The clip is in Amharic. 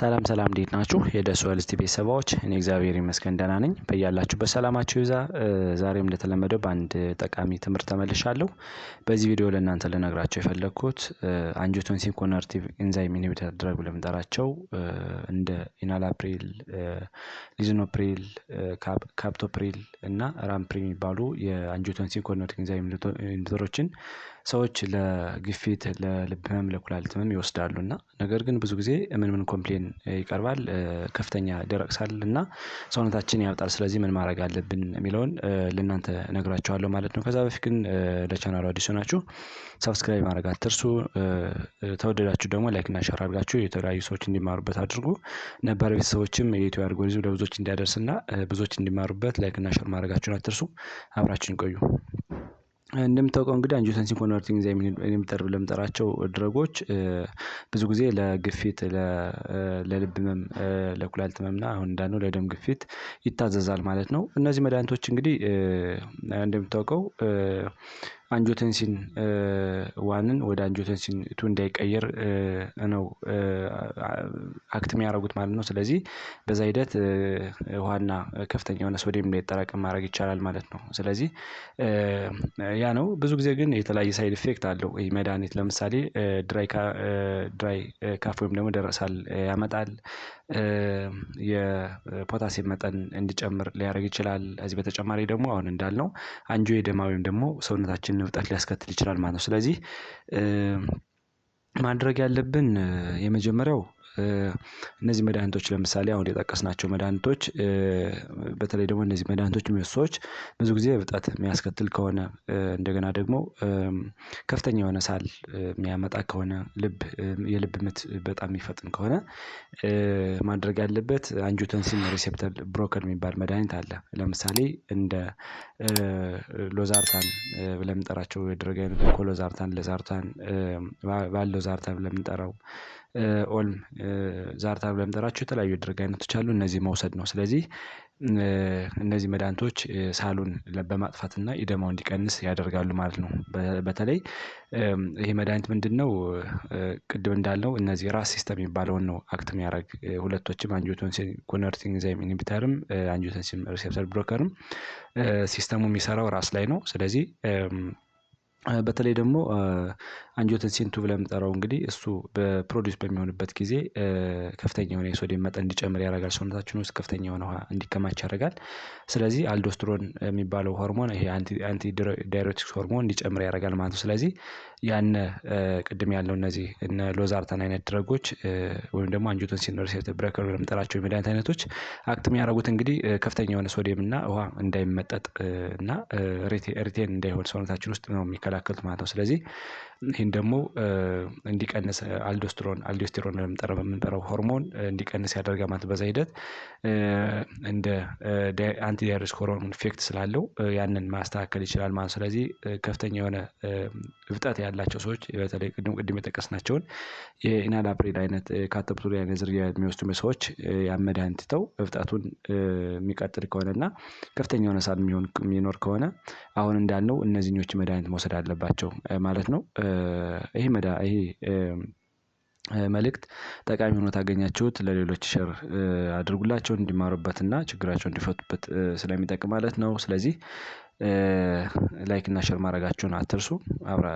ሰላም ሰላም እንዴት ናችሁ? የደሱ ሪል ቤተሰባዎች እኔ እግዚአብሔር ይመስገን ደህና ነኝ። በያላችሁ በሰላማችሁ ይዛ። ዛሬም እንደተለመደው በአንድ ጠቃሚ ትምህርት ተመልሻለሁ። በዚህ ቪዲዮ ለእናንተ ልነግራቸው የፈለግኩት አንጂዮቴንሲን ኮነርቲቭ ኢንዛይም ኢንሂቢተር ድረግ ብለን እንደ ኢናላፕሪል፣ ሊዝኖፕሪል፣ ካፕቶፕሪል እና ራምፕሪል የሚባሉ የአንጂዮቴንሲን ኮነርቲቭ ኢንዛይም ኢንሂቢተሮችን ሰዎች ለግፊት ለልብ ህመም ለኩላሊት ህመም ይወስዳሉ እና ነገር ግን ብዙ ጊዜ ምን ምን ኮምፕሌን ይቀርባል ከፍተኛ ደረቅ ሳል እና ሰውነታችን ያብጣል ስለዚህ ምን ማድረግ አለብን የሚለውን ለእናንተ እነግራችኋለሁ ማለት ነው። ከዛ በፊት ግን ለቻናሉ አዲሱ ናችሁ ሰብስክራይብ ማድረግ አትርሱ። ተወደዳችሁ ደግሞ ላይክና ሸር አድርጋችሁ የተለያዩ ሰዎች እንዲማሩበት አድርጉ። ነባር ቤተሰቦችም የኢትዮ አልጎሪዝም ለብዙዎች እንዲያደርስና ብዙዎች እንዲማሩበት ላይክና ሸር ማድረጋችሁን አትርሱ። አብራችሁን ቆዩ እንደምታውቀው እንግዲህ አንጂዮተንሲን ኮንቨርቲንግ ኤንዛይም የሚጠር ለምጠራቸው ድረጎች ብዙ ጊዜ ለግፊት ለልብ ህመም ለኩላሊት ህመምና አሁን እንዳነው ለደም ግፊት ይታዘዛል ማለት ነው። እነዚህ መድኃኒቶች እንግዲህ እንደምታውቀው አንጆተንሲን ዋንን ወደ አንጆተንሲን ቱ እንዳይቀየር ነው አክት የሚያደርጉት ማለት ነው። ስለዚህ በዛ ሂደት ውሃና ከፍተኛ የሆነ ሶዲየም እንዳይጠራቀም ማድረግ ይቻላል ማለት ነው። ስለዚህ ያ ነው። ብዙ ጊዜ ግን የተለያየ ሳይድ ኢፌክት አለው ይህ መድኃኒት። ለምሳሌ ድራይ ካፍ ወይም ደግሞ ደረሳል ያመጣል። የፖታሲየም መጠን እንዲጨምር ሊያደርግ ይችላል። ከዚህ በተጨማሪ ደግሞ አሁን እንዳልነው አንጆ የደማ ወይም ደግሞ ሰውነታችን ንብጠት ሊያስከትል ይችላል ማለት ነው። ስለዚህ ማድረግ ያለብን የመጀመሪያው እነዚህ መድኃኒቶች ለምሳሌ አሁን የጠቀስናቸው መድኃኒቶች በተለይ ደግሞ እነዚህ መድኃኒቶች የሚወስዱ ሰዎች ብዙ ጊዜ እብጠት የሚያስከትል ከሆነ እንደገና ደግሞ ከፍተኛ የሆነ ሳል የሚያመጣ ከሆነ ልብ የልብ ምት በጣም የሚፈጥን ከሆነ ማድረግ ያለበት አንጂዮተንሲን ሪሴፕተር ብሮከር የሚባል መድኃኒት አለ። ለምሳሌ እንደ ሎዛርታን ብለምንጠራቸው የደረገ የድረግ አይነት ኮሎዛርታን፣ ለዛርታን፣ ባሎዛርታን ብለምንጠራው ኦልም ዛርታ ብለን ጠራቸው የተለያዩ የድርግ አይነቶች አሉ። እነዚህ መውሰድ ነው። ስለዚህ እነዚህ መድኃኒቶች ሳሉን በማጥፋትና ኢደማው እንዲቀንስ ያደርጋሉ ማለት ነው። በተለይ ይሄ መድኃኒት ምንድን ነው? ቅድም እንዳልነው እነዚህ ራስ ሲስተም የሚባለውን ነው አክት የሚያደርግ ሁለቶችም አንጂዮተንሲን ኮንቨርቲንግ ኤንዛይም ኢንሂቢተርም አንጂዮተንሲን ሪሴፕተር ብሎከርም ሲስተሙ የሚሰራው ራስ ላይ ነው። ስለዚህ በተለይ ደግሞ አንጂዮተንሲን ቱ ብለን የምንጠራው እንግዲህ እሱ በፕሮዲስ በሚሆንበት ጊዜ ከፍተኛ የሆነ የሶዲየም መጠን እንዲጨምር ያደርጋል። ሰውነታችን ውስጥ ከፍተኛ የሆነ ውሃ እንዲከማች ያደርጋል። ስለዚህ አልዶስትሮን የሚባለው ሆርሞን ይሄ አንቲ ዳይሬቲክስ ሆርሞን እንዲጨምር ያደርጋል ማለት ነው። ስለዚህ ያነ ቅድም ያለው እነዚህ እነ ሎዛርታን አይነት ድረጎች ወይም ደግሞ አንጂዮተንሲን ሪሴፕተር ብሬከር ብለን የምንጠራቸው የመድኃኒት አይነቶች አክት የሚያደርጉት እንግዲህ ከፍተኛ የሆነ ሶዲየም እና ውሃ እንዳይመጠጥ እና ሪቴን እንዳይሆን ሰውነታችን ውስጥ ነው የሚከላከል የሚከላከሉት ማለት ነው። ስለዚህ ይህን ደግሞ እንዲቀንስ አልዶስትሮን አልዶስቴሮን የምንጠራው ሆርሞን እንዲቀንስ ያደርጋ ማለት በዛ ሂደት እንደ አንቲዳይሬቲክ ሆርሞን ኢፌክት ስላለው ያንን ማስተካከል ይችላል ማለት ስለዚህ ከፍተኛ የሆነ እብጠት ያላቸው ሰዎች በተለይ ቅድም ቅድም የጠቀስናቸውን የኢናላፕሪል አይነት ካተፕቱሪ አይነት ዝርያ የሚወስዱ ሰዎች ያን ትተው እብጠቱን የሚቀጥል ከሆነ ከሆነና ከፍተኛ የሆነ ሳል የሚኖር ከሆነ አሁን እንዳልነው እነዚህኞች መድኃኒት መውሰድ አለባቸው ማለት ነው። ይሄ መዳ ይሄ መልእክት ጠቃሚ ሆኖ ታገኛችሁት ለሌሎች ሸር አድርጉላቸው እንዲማሩበትና ችግራቸው እንዲፈቱበት ስለሚጠቅም ማለት ነው። ስለዚህ ላይክ እና ሸር ማድረጋችሁን አትርሱ። አብራ